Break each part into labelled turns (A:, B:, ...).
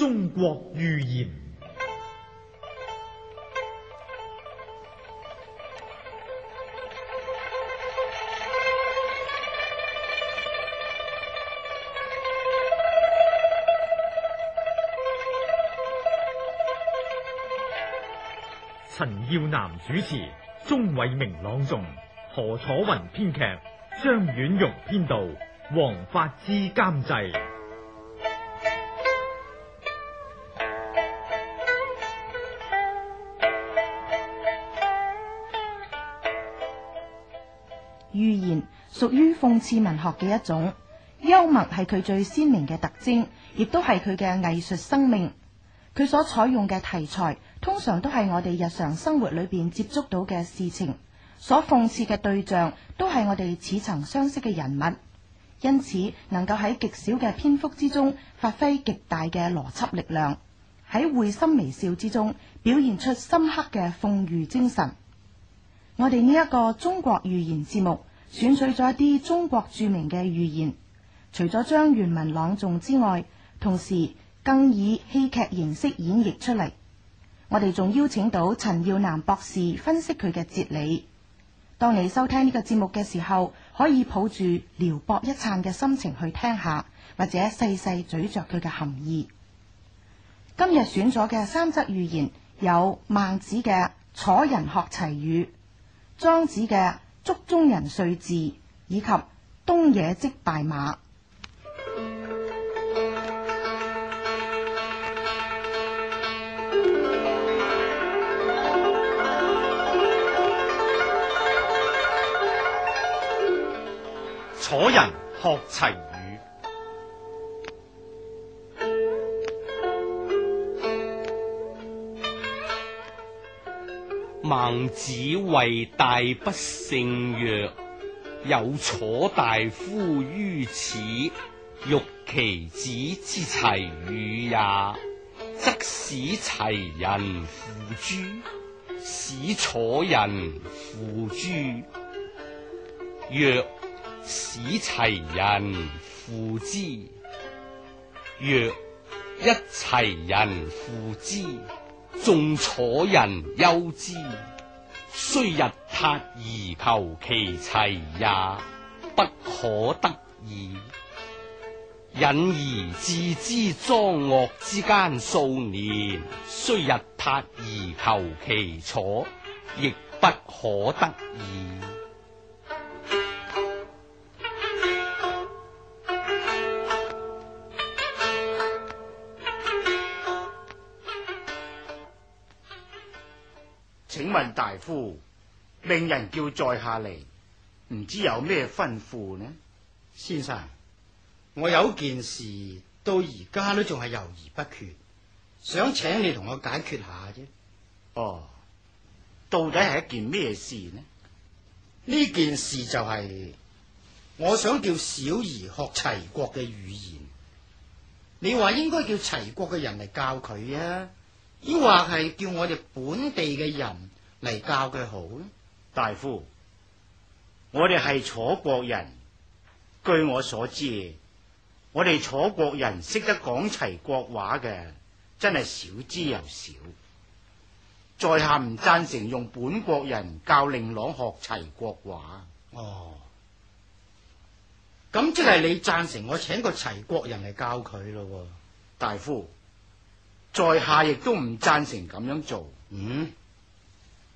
A: 中國寓言，
B: 陳耀
A: 南主持，鍾偉明朗誦，何楚云編劇，張婉容編導，黃發之監製。
C: 屬於諷刺文學嘅一種，幽默係佢最鮮明嘅特徵，亦都係佢嘅藝術生命。佢所採用嘅題材通常都係我哋日常生活裏邊接觸到嘅事情，所諷刺嘅對象都係我哋似曾相識嘅人物，因此能夠喺極少嘅篇幅之中發揮極大嘅邏輯力量，喺會心微笑之中表現出深刻嘅諷喻精神。我哋呢一個中國寓言節目。選取咗一啲中國著名嘅寓言，除咗將原文朗誦之外，同時更以戲劇形式演繹出嚟。我哋仲邀請到陳耀南博士分析佢嘅哲理。當你收聽呢個節目嘅時候，可以抱住聊博一粲嘅心情去聽下，或者細細咀嚼佢嘅含義。今日選咗嘅三則寓言有孟子嘅《楚人學齊語》，莊子嘅。祝宗人說彘，以及東野稷敗馬，
A: 楚人學齊。
B: 孟子謂戴不勝曰：有楚大夫於此，欲其子之齊語也，則使齊人傅諸；使楚人傅諸。曰：使齊人傅之。曰：一齊人傅之。眾楚人咻之，雖日撻而求其齊也，不可得矣。引而置之，莊岳之間數年，雖日撻而求其楚，亦不可得矣。
A: 問大夫，令人叫在下嚟，唔知有咩吩咐呢？先生，我有件事到而家都仲係猶豫不決，想請你同我解決下啫。哦，到底係一件咩事呢？呢、啊、件事就係、是、我想叫小兒學齊國嘅語言。你話應該叫齊國嘅人嚟教佢啊，抑或係叫我哋本地嘅人？嚟教佢好，大夫，我哋係楚國人。據我所知，我哋楚國人識得講齊國話嘅，真係少之又少。在下唔贊成用本國人教令郎學齊國話。哦，咁即係你贊成我請個齊國人嚟教佢咯？大夫，在下亦都唔贊成咁樣做。嗯。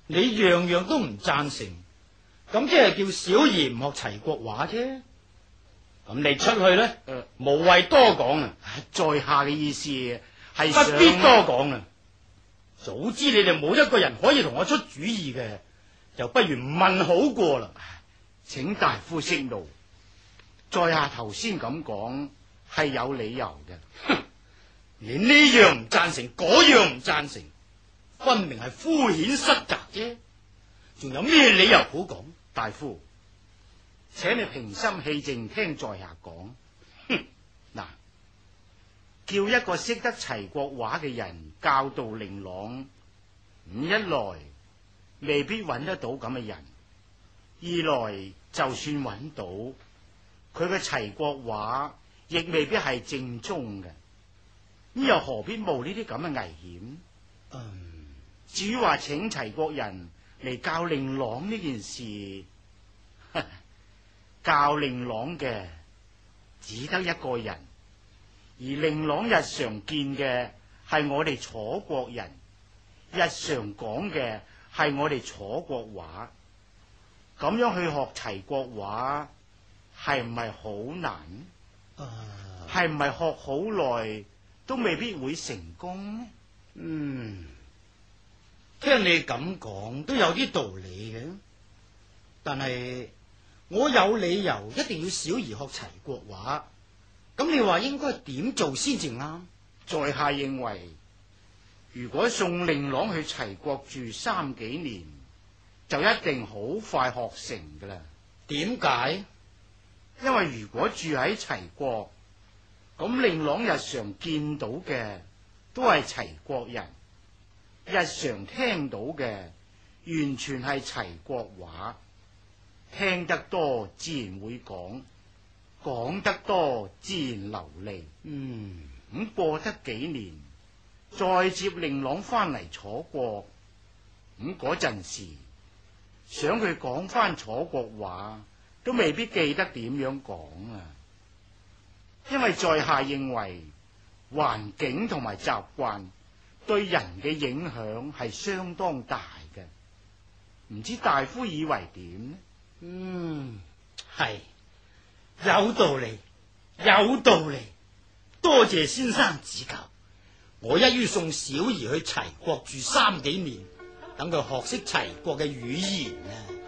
A: 你樣樣都唔贊成，咁即係叫小兒唔學齊國話啫。咁你出去咧，呃、無謂多講啊，在下嘅意思係不必多講啊，早知你哋冇一個人可以同我出主意嘅，就不如問好過啦。請大夫息怒，在下頭先咁講係有理由嘅。哼，你呢樣唔贊成，嗰樣唔贊成。分明係敷衍失責啫，仲有咩理由好講？大夫，請你平心氣靜，聽在下講。哼，嗱，叫一個識得齊國話嘅人教導令郎，唔一來未必揾得到咁嘅人；二來就算揾到，佢嘅齊國話亦未必係正宗嘅。咁又何必冒呢啲咁嘅危險？嗯。至於話請齊國人嚟教令郎呢件事，教令郎嘅只得一個人，而令郎日常見嘅係我哋楚國人，日常講嘅係我哋楚國話，咁樣去學齊國話，係唔係好難？係唔係學好耐都未必會成功呢？嗯。聽你咁講都有啲道理嘅，但係我有理由一定要小兒學齊國話。咁你話應該點做先至啱？在下認為，如果送令郎去齊國住三幾年，就一定好快學成噶啦。點解？因為如果住喺齊國，咁令郎日常見到嘅都係齊國人。日常聽到嘅完全係齊國話，聽得多自然會講，講得多自然流利。嗯，咁過得幾年，再接令郎翻嚟楚國，咁嗰陣時想佢講翻楚國話，都未必記得點樣講啊！因為在下認為環境同埋習慣。對人嘅影響係相當大嘅，唔知大夫以為點呢？嗯，係有道理，有道理，多謝先生指教。我一於送小兒去齊國住三幾年，等佢學識齊國嘅語言啊！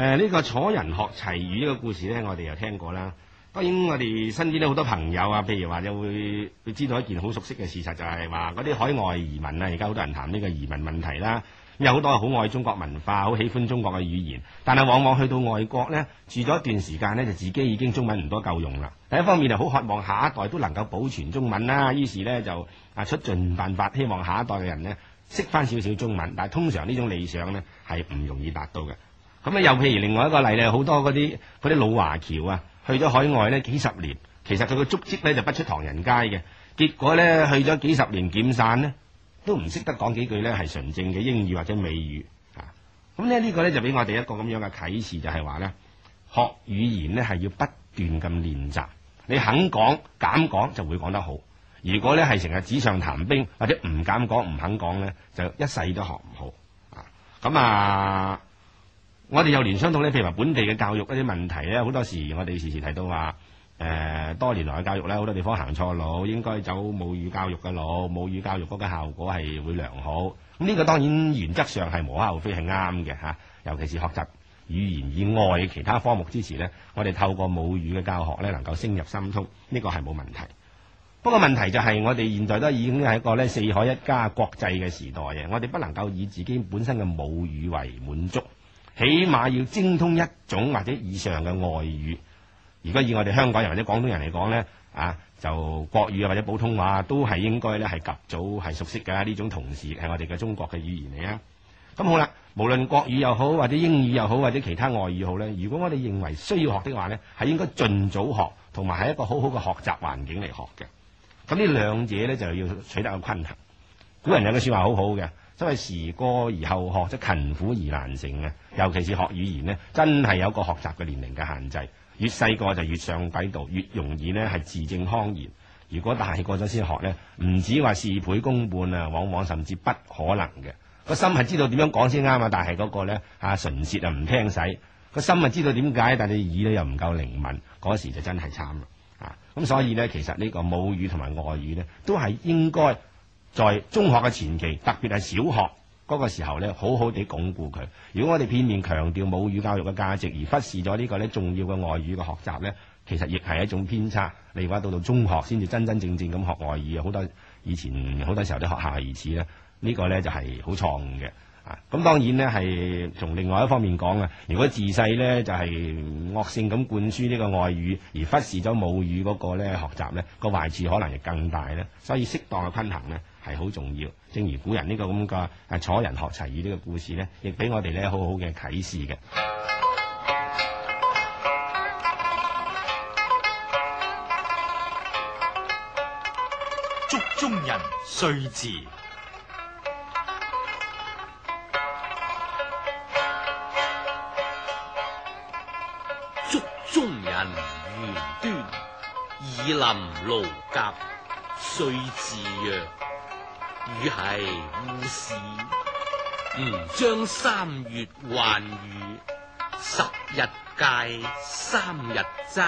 D: 誒呢個楚人學齊語嘅故事呢，我哋又聽過啦。當然，我哋身邊咧好多朋友啊，譬如話又會會知道一件好熟悉嘅事實，就係話嗰啲海外移民啊，而家好多人談呢個移民問題啦。有好多好愛中國文化，好喜歡中國嘅語言，但係往往去到外國呢，住咗一段時間呢，就自己已經中文唔多夠用啦。第一方面就好渴望下一代都能夠保存中文啦，於是呢，就啊出盡辦法，希望下一代嘅人呢，識翻少少少中文。但係通常呢種理想呢，係唔容易達到嘅。咁咧，又譬如另外一個例咧，好多嗰啲嗰啲老華僑啊，去咗海外呢幾十年，其實佢嘅足跡呢就不出唐人街嘅。結果呢，去咗幾十年檢散呢，都唔識得講幾句呢係純正嘅英語或者美語啊。咁咧呢個呢就俾我哋一個咁樣嘅啟示，就係話呢學語言呢係要不斷咁練習，你肯講、敢講就會講得好。如果呢係成日紙上談兵或者唔敢講、唔肯講呢，就一世都學唔好啊。咁啊～我哋又聯想到呢，譬如話本地嘅教育一啲問題呢，好多時我哋時時提到話，誒、呃、多年來嘅教育呢，好多地方行錯路，應該走母語教育嘅路，母語教育嗰個效果係會良好。呢、呢個當然原則上係無可厚非，係啱嘅嚇。尤其是學習語言以外其他科目之時呢，我哋透過母語嘅教學呢，能夠升入心通，呢、呢個係冇問題。
C: 不過問題就係、
D: 是、我哋現在都已經係一個咧四海一家國際嘅時代嘅，我哋不能夠以自己本身嘅母語為滿足。起碼要精通一種或者以上嘅外語。如果以我哋香港人或者廣東人嚟講呢啊，就國語啊或者普通話都係應該咧係及早係熟悉嘅，呢種同時係我哋嘅中國嘅語言嚟啊。咁好啦，無論國語又好，或者英語又好，或者其他外語好呢，如果我哋認為需要學的話呢，係應該盡早學，同埋喺一個好好嘅學習環境嚟學嘅。咁呢兩者呢，就要取得個均衡。古人有句説話好好嘅。因為時過而後學，即、就是、勤苦而難成啊！尤其是學語言呢，真係有個學習嘅年齡嘅限制。越細個就越上軌道，越容易呢係自正腔言。如果大個咗先學呢，唔止話事倍功半啊，往往甚至不可能嘅。個心係知道點樣講先啱啊，但係嗰個呢嚇唇舌啊唔聽使。個心係知道點解，但係耳呢又唔夠靈敏，嗰時就真係慘啦啊！咁所以呢，其實呢個母語同埋外語呢，都係應該。在中學嘅前期，特別係小學嗰個時候呢，好好地鞏固佢。如果我哋片面強調母語教育嘅價值，而忽視咗呢個呢重要嘅外語嘅學習呢，其實亦係一種偏差。你話到到中學先至真真正正咁學外語，好多以前好多時候啲學校係如此呢。呢個呢就係好錯誤嘅。啊，咁當然呢，係從另外一方面講啊。如果自細呢就係惡性咁灌輸呢個外語，而忽視咗母語嗰個呢學習呢，個壞處可能亦更大呢。所以適當嘅均衡呢。係好重要，正如古人呢個咁個誒楚人學齊語呢個故事咧，亦俾我哋咧好好嘅啟示嘅。
A: 祝宗人說彘，
B: 說彘。祝宗人，玄端以臨牢筴，說彘曰。汝奚惡死？吾將三月豢汝，十日戒，三日齊，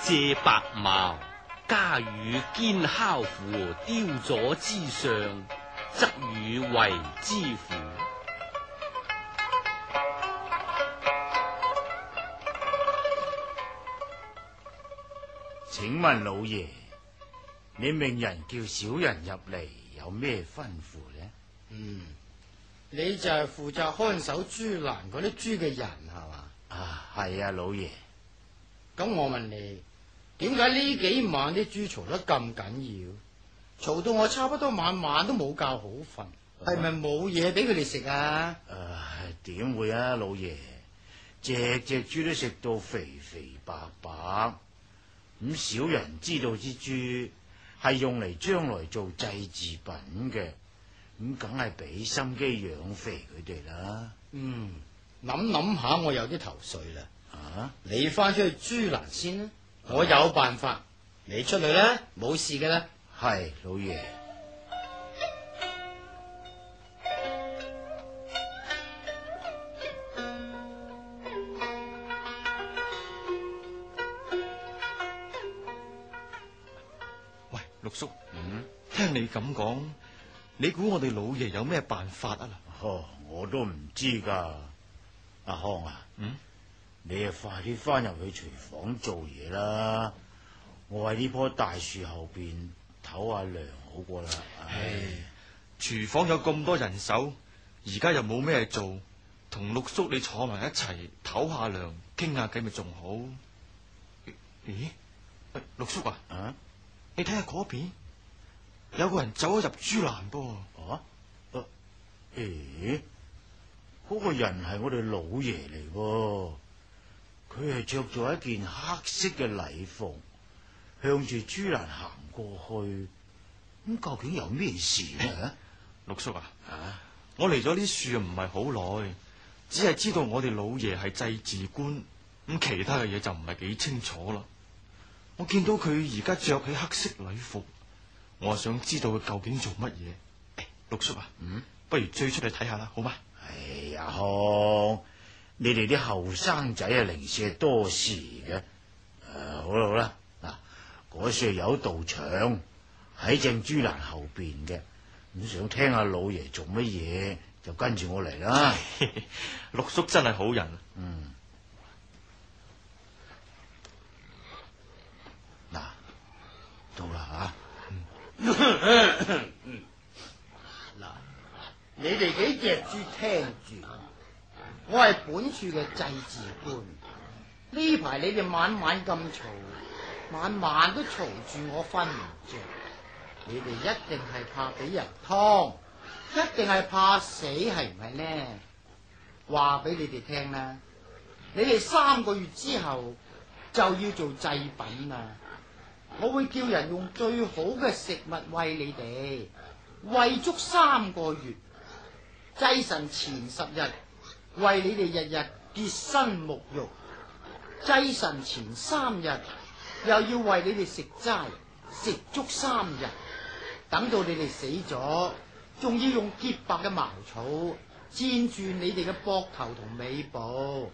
B: 籍白茅，加汝肩尻乎，雕俎之上，則汝為之乎？
A: 請問老爺，你命人叫小人入嚟？有咩吩咐咧？嗯，你就係負責看守豬欄嗰啲豬嘅人係嘛？啊，係啊，老爺。咁我問你，點解呢幾晚啲豬嘈得咁緊要？嘈到我差不多晚晚都冇覺好瞓，係咪冇嘢俾佢哋食啊？誒、啊，點、啊、會啊，老爺？隻隻豬都食到肥肥白白，咁少人知道啲豬。係用嚟將來做祭祀品嘅，咁梗係俾心機養肥佢哋啦。嗯，諗諗下我有啲頭緒啦。啊，你翻出去豬欄先啦。我有辦法，啊、你出去啦，冇事嘅啦。係，老爺。你咁講，你估我哋老爺有咩辦法啊？啦、哦，我都唔知噶，阿康啊，嗯，你啊快啲返入去廚房做嘢啦，我喺呢棵大樹後邊唞下涼好過啦。唉，哎、廚房有咁多人手，而家、啊、又冇咩做，同六叔你坐埋一齊唞下涼，傾下偈咪仲好？咦、啊，六叔啊，啊，你睇下嗰邊。有個人走咗入豬欄噃。啊？誒、欸、嗰、那個人係我哋老爺嚟，佢係着咗一件黑色嘅禮服，向住豬欄行過去。咁、嗯、究竟有咩事咧？啊？六、欸、叔啊，啊我嚟咗啲樹唔係好耐，只係知道我哋老爺係祭祀官。咁其他嘅嘢就唔係幾清楚啦。我見到佢而家着起黑色禮服。我想知道佢究竟做乜嘢？哎、六叔啊，嗯、不如追出去睇下啦，好嗎？哎呀康，你哋啲後生仔啊，零舍多事嘅。誒，好啦好啦，嗱，嗰處有一道牆喺正珠蘭後邊嘅，你想聽阿老爺做乜嘢，就跟住我嚟啦。六 叔真係好人、啊。嗯，嗱，到啦啊！嗱、 嗯，你哋幾隻豬聽住，我係本處嘅祭祀官。呢排你哋晚晚咁嘈，晚晚都嘈住我瞓唔着。你哋一定係怕俾人劏，一定係怕死，係唔係呢？話俾你哋聽啦，你哋三個月之後就要做祭品啦。我會叫人用最好嘅食物餵你哋，餵足三個月。祭神前十日，為你哋日日潔身沐浴；祭神前三日，又要為你哋食齋，食足三日。等到你哋死咗，仲要用潔白嘅茅草纏住你哋嘅膊頭同尾部，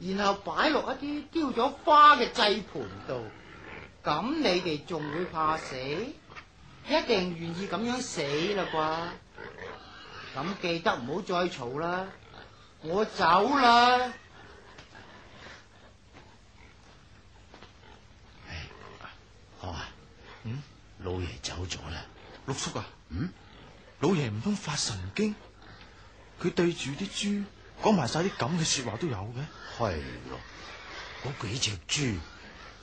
A: 然後擺落一啲雕咗花嘅祭盤度。咁你哋仲會怕死？一定願意咁樣死啦啩！咁記得唔好再嘈啦，我走啦。好啊？嗯，老爺走咗啦。六叔啊，嗯，老爺唔通發神經？佢對住啲豬，講埋晒啲咁嘅說話都有嘅。係咯，嗰幾隻豬。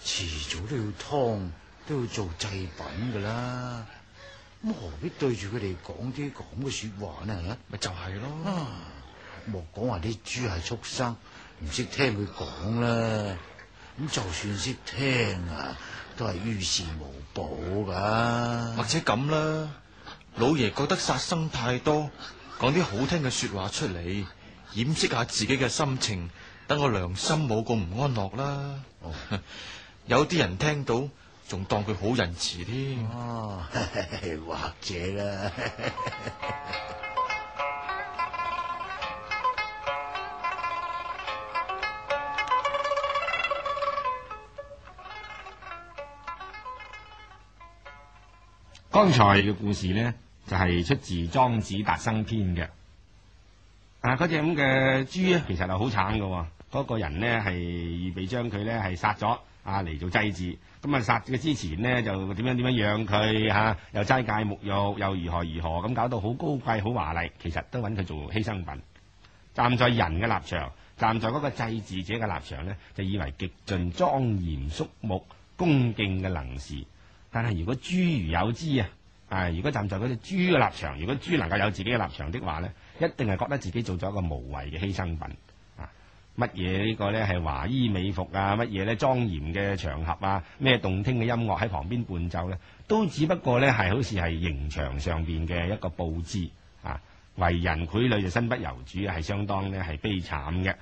A: 遲早都要劏，都要做祭品噶啦，咁何必對住佢哋講啲咁嘅說話呢？咪就係咯，莫講話啲豬係畜生，唔識聽佢講啦。咁就算識聽啊，都係於事無補噶。或者咁啦，老爺覺得殺生太多，講啲好聽嘅說話出嚟，掩飾下自己嘅心情，等我良心冇咁唔安樂啦。哦有啲人聽到，仲當佢好仁慈添、哦。哦， 或者啦。
D: 剛才嘅故事咧，就係、是、出自《莊子·達生篇》嘅。啊，嗰隻咁嘅豬咧， 其實係好慘嘅。嗰、那個人呢，係預備將佢咧係殺咗。啊！嚟做祭祀，咁啊殺佢之前咧，就點樣點樣養佢吓，又齋戒沐浴，又如何如何，咁搞到好高貴好華麗，其實都揾佢做犧牲品。站在人嘅立場，站在嗰個祭祀者嘅立場咧，就以為極盡莊嚴肅穆、恭敬嘅能事。但係如果豬如有知啊，啊、哎！如果站在嗰隻豬嘅立場，如果豬能夠有自己嘅立場的話咧，一定係覺得自己做咗一個無謂嘅犧牲品。乜嘢呢個呢？係華衣美服啊？乜嘢呢？莊嚴嘅場合啊？咩動聽嘅音樂喺旁邊伴奏呢？都只不過呢，係好似係刑場上邊嘅一個佈置啊！為人傀儡就身不由主，係相當呢，係悲慘嘅。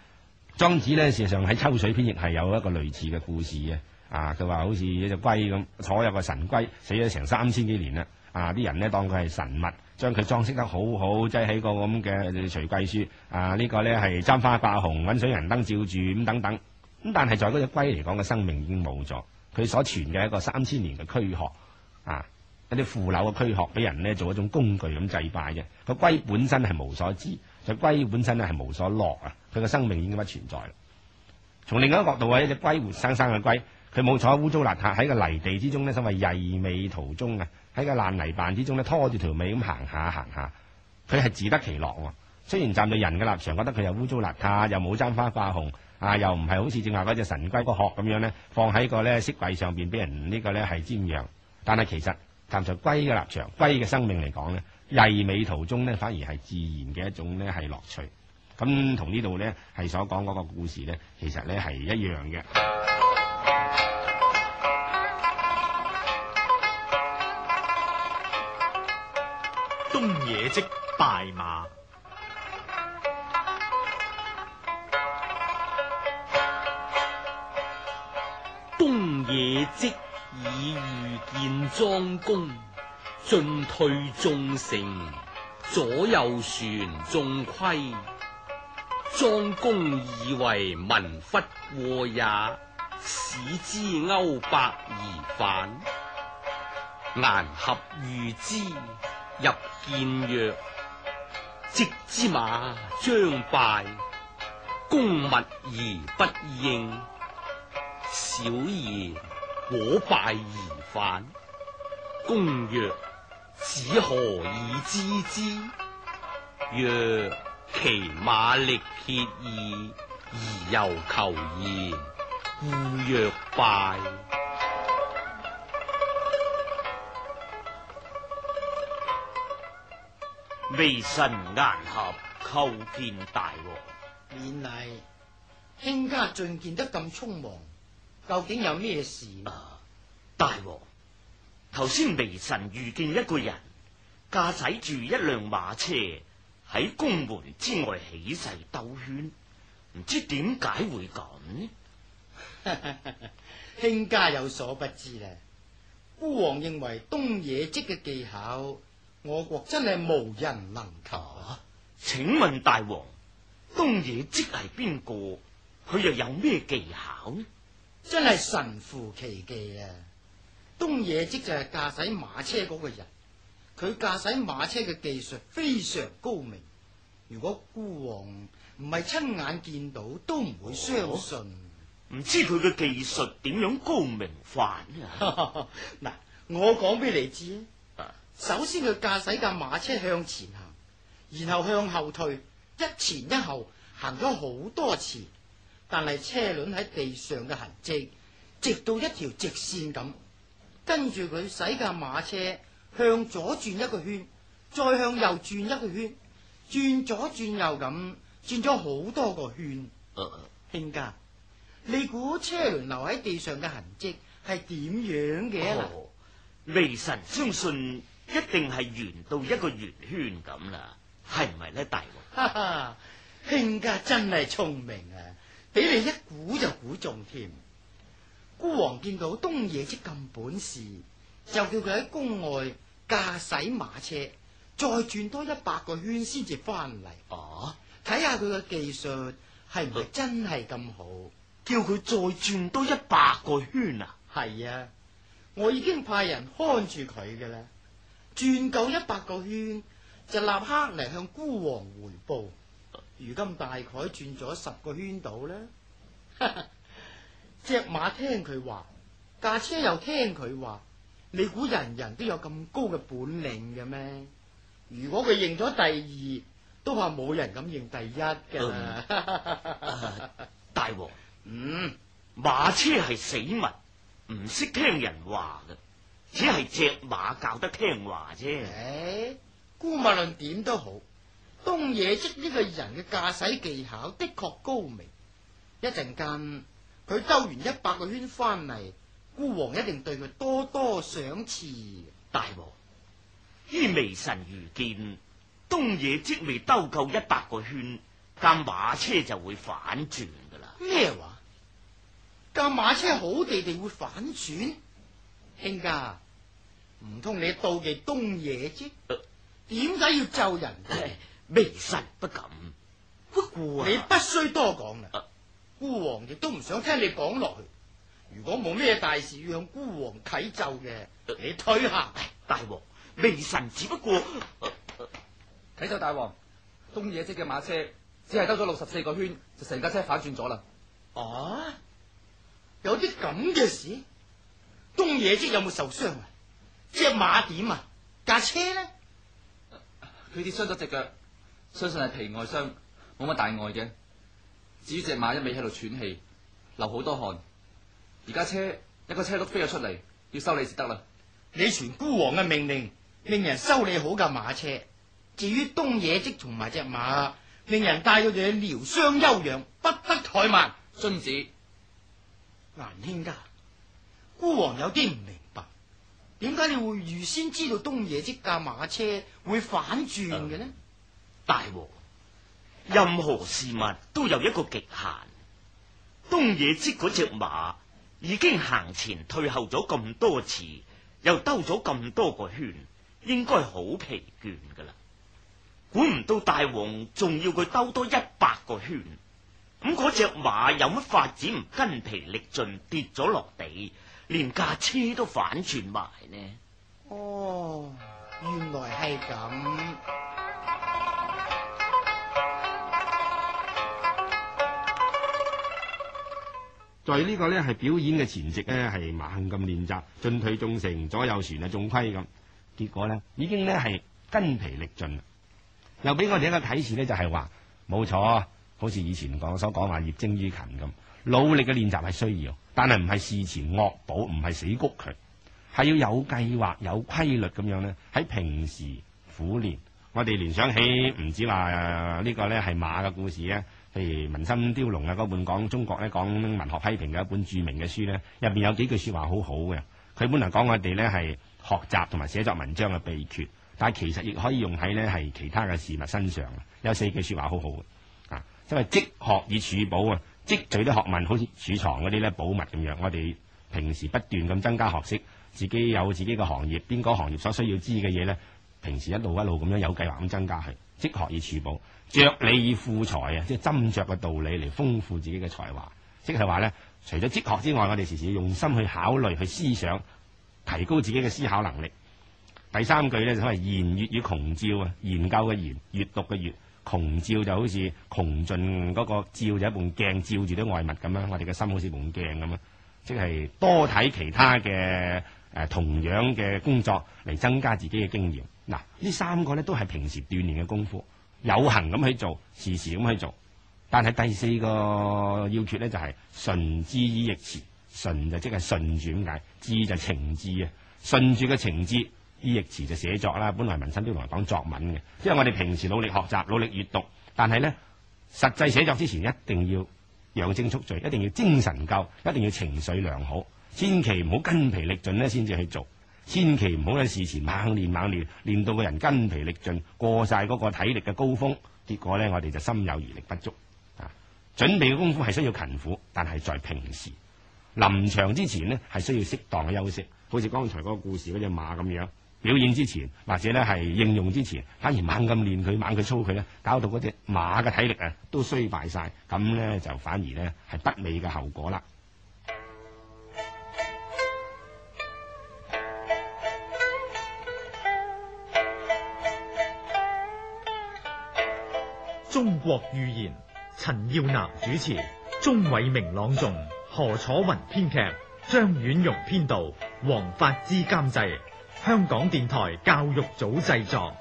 D: 莊子呢，事實上喺秋水篇亦係有一個類似嘅故事嘅啊！佢話好似一隻龜咁，所有個神龜，死咗成三千幾年啦！啊，啲人呢，當佢係神物。將佢裝飾得好好，即係喺個咁嘅櫥櫃書，啊呢、這個呢係簪花掛紅，揾水銀燈照住咁等等。咁但係在嗰隻龜嚟講嘅生命已經冇咗，佢所存嘅一個三千年嘅軀殼，啊一啲腐朽嘅軀殼俾人呢做一種工具咁祭拜嘅。個龜本身係無所知，就龜本身咧係無所樂，啊！佢個生命已經不存在啦。從另一個角度話，一隻龜活生生嘅龜，佢冇坐污糟邋遢喺個泥地之中呢所謂曳尾塗中啊。喺個爛泥辦之中咧，拖住條尾咁行下行下，佢係自得其樂喎。雖然站到人嘅立場，覺得佢又污糟邋遢，又冇爭花化紅，啊，又唔係好似正話嗰隻神龜個殼咁樣咧，放喺個咧飾櫃上邊俾人呢個咧係瞻仰。但係其實站在龜嘅立場，龜嘅生命嚟講咧，曳尾途中咧，反而係自然嘅一種咧係樂趣。咁同呢度咧係所講嗰個故事咧，其實咧係一樣嘅。
A: 東野稷敗馬，
B: 東野稷以御見莊公，進退中繩，左右旋，中規。莊公以為文弗過也，使之鉤百而反，顏闔遇之。入見曰：稷之馬將敗，公密而不應。少焉，果敗而反。公曰：子何以知之？曰：其馬力竭矣，而猶求焉，故曰敗。微臣顏闔
A: 叩見大王。原來卿家進見得咁匆忙，究竟有咩事啊？大王，頭先微臣遇見一個人，駕駛住一輛馬車喺宮門之外起勢兜圈，唔知點解會咁呢？卿 家有所不知啦，孤王認為東野稷嘅技巧。我國真係無人能敵，請問大王，東野稷係邊個？佢又有咩技巧呢？真係神乎其技啊！東野稷就係駕駛馬車嗰個人，佢駕駛馬車嘅技術非常高明。如果孤王唔係親眼見到，都唔會相信。哦，唔知佢嘅技術點樣高明法啊？嗱， 我講俾你知。首先佢駕駛架馬車向前行，然後向後退，一前一後行咗好多次，但係車輪喺地上嘅痕跡，直到一條直線咁。跟住佢使架馬車向左轉一個圈，再向右轉一個圈，轉左轉右咁轉咗好多個圈。卿家、啊，你估車輪留喺地上嘅痕跡係點樣嘅、哦？微臣相信。一定係圓到一個圓圈咁啦，係唔係咧，大王？哈哈，卿家真係聰明啊！俾你一估就估中添。孤王見到東野稷咁本事，就叫佢喺宮外駕駛馬車，再轉多一百個圈先至翻嚟。哦、啊，睇下佢嘅技術係唔係真係咁好，啊、叫佢再轉多一百個圈啊！係 啊，我已經派人看住佢噶啦。轉夠一百個圈，就立刻嚟向孤王回報。如今大概轉咗十個圈度咧，隻 馬聽佢話，架車又聽佢話。你估人人都有咁高嘅本領嘅咩？如果佢認咗第二，都怕冇人敢認第一嘅。 呃呃，大王，嗯，馬車係死物，唔識聽人話嘅。只係隻馬教得聽話啫。唉、哎，姑勿論點都好，東野稷呢個人嘅駕駛技巧的確高明。一陣間佢兜完一百個圈翻嚟，孤王一定對佢多多賞賜。大王，於微臣預見，東野稷未兜夠一百個圈，架馬車就會反轉噶啦。咩話？架馬車好地地會反轉？兄噶、啊，唔通你妒忌東野啫？點解要奏人？微臣、哎、不敢，不孤、啊、你不需多講啦，啊、孤王亦都唔想聽你講落去。如果冇咩大事要向孤王啟奏嘅，你退下。大王，微臣只不過啟奏、啊啊、大王，東野稷嘅馬車只係兜咗六十四個圈，就成架車反轉咗啦。啊，有啲咁嘅事？東野稷有冇受傷啊？隻馬點啊？架車呢？佢哋傷咗隻腳，相信係皮外傷，冇乜大礙嘅。至於隻馬一味喺度喘氣，流好多汗。而家車一個車都飛咗出嚟，要修理至得啦。你傳孤王嘅命令，令人修理好架馬車。至於東野稷同埋隻馬，令人帶佢哋去療傷休養，不得怠慢。孫子，難聽噶。孤王有啲唔明白，點解你會預先知道東野稷架馬車會反轉嘅呢？呃？大王，任何事物都有一個極限。東野稷嗰隻馬已經行前退後咗咁多次，又兜咗咁多個圈，應該好疲倦噶啦。估唔到大王仲要佢兜多一百個圈，咁嗰隻馬有乜法子？唔筋疲力盡跌咗落地？連架車都反轉埋呢？哦，原來係咁。
D: 在呢個呢，係表演嘅前夕呢，係猛咁練習進退中繩，左右旋啊中規咁。結果呢，已經呢，係筋疲力盡啦。留俾我哋一個啟示呢，就係話冇錯，好似以前講所講話業精於勤咁。努力嘅練習係需要，但係唔係事前惡補，唔係死谷佢，係要有計劃、有規律咁樣呢，喺平時苦練。我哋聯想起唔止話呢個呢係馬嘅故事呢，譬如《文心雕龍》啊嗰本講中國呢講文學批評嘅一本著名嘅書呢，入邊有幾句說話好好嘅。佢本來講我哋呢係學習同埋寫作文章嘅秘訣，但係其實亦可以用喺呢係其他嘅事物身上。有四句說話好好嘅，啊，因為積學以儲寶啊。積聚啲學問，好似儲藏嗰啲咧寶物咁樣。我哋平時不斷咁增加學識，自己有自己嘅行業，邊個行業所需要知嘅嘢咧？平時一路一路咁樣有計劃咁增加去積學以儲寶，酌理以富才啊！即係斟酌嘅道理嚟豐富自己嘅才華。即係話咧，除咗積學之外，我哋時時要用心去考慮、去思想，提高自己嘅思考能力。第三句咧就係研閱以窮照啊！研究嘅研，閱讀嘅閱。窮照就好似窮盡，嗰個照就一盤鏡照住啲外物咁樣，我哋嘅心好似盤鏡咁啊！即係多睇其他嘅誒、呃、同樣嘅工作嚟增加自己嘅經驗。嗱，呢三個咧都係平時鍛鍊嘅功夫，有恆咁去做，時時咁去做。但係第四個要訣呢，就係馴致以懌辭，馴就即係順住點解？致就情致啊，順住嘅情致。依譯詞就寫作啦，本來民生都同人講作文嘅，即係我哋平時努力學習、努力閱讀，但係呢，實際寫作之前一定要養精蓄銳，一定要精神夠，一定要情緒良好，千祈唔好筋疲力盡呢先至去做，千祈唔好喺事前猛練猛練，練到個人筋疲力盡，過晒嗰個體力嘅高峰，結果呢，我哋就心有餘力不足啊！準備嘅功夫係需要勤苦，但係在平時臨場之前呢，係需要適當嘅休息，好似剛才嗰個故事嗰隻馬咁樣。表演之前或者咧係應用之前，反而猛咁練佢，猛咁操佢咧，搞到嗰隻馬嘅體力啊都衰敗晒。咁咧就反而咧係不利嘅後果啦。
A: 中國寓言，陳耀南主持，鍾偉明朗誦，何楚雲編劇，張婉容編導，黃發之監製。香港
B: 電台教育組製作。